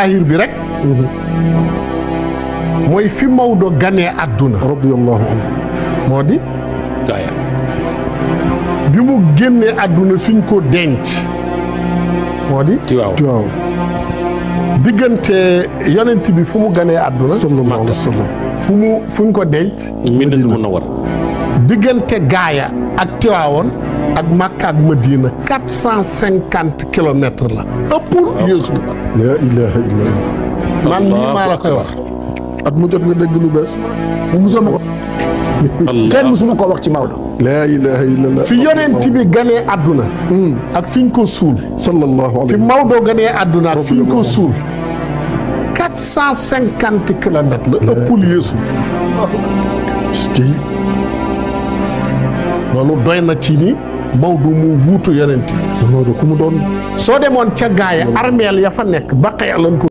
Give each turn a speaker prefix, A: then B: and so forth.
A: ahir bi rek mhm. mooy fi Maodo ganee àdduna radiyallahu anhu moo di bi mu génnee àdduna fiñ ko denc moo di Tiwaawan diggante yonent bi fu mu ganee àdduna sallallahu fu mu fuñ ko denc Madiina Munawwara diggante gaaya ak Tiwaawan ak Makka ak Madina quatre cent la ëppul yéesu ko laa ilaaha illallaah man mii maa la koy wax at mu jot nga dégg lu bees mu musoo ma ko kenn musuma ko wax ci Maodo laa ilaaha illallaah fi yonent bi ganee àdduna hmm. ak fi ñu ko suul sallallahu alayhi fi ganee àdduna ak fi ñu ko suul quatre la ëppul yéesu loolu doy na ci ni Maodo mu wuutu yonent bi. Maodo ku mu doon. soo demoon ca gaaya armeel ya fa nekk baqee lan ko.